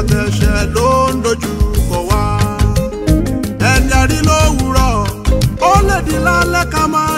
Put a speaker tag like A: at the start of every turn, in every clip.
A: àtẹ̀ṣẹ̀ ló ń dojú kọ wá. ẹ̀dẹ̀rí lówùúrọ̀ ó lè di lálẹ́ ká máa.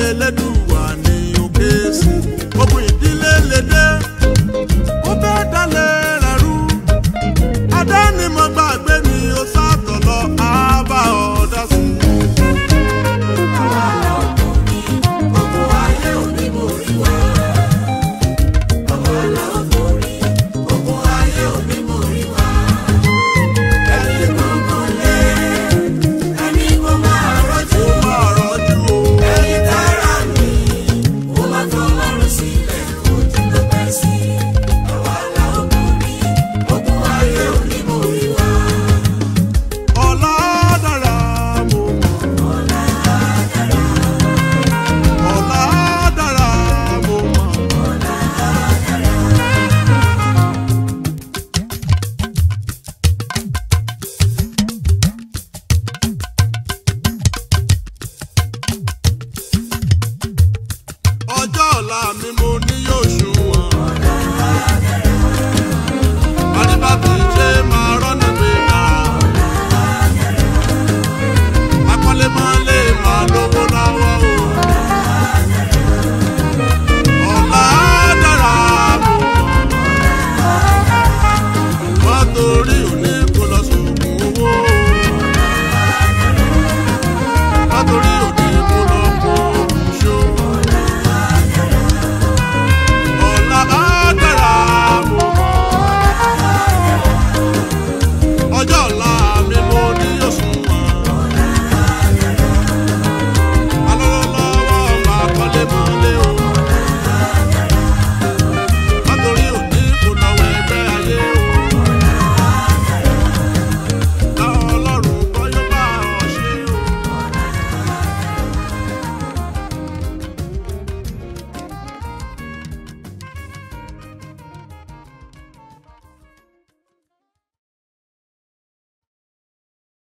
A: ለዱ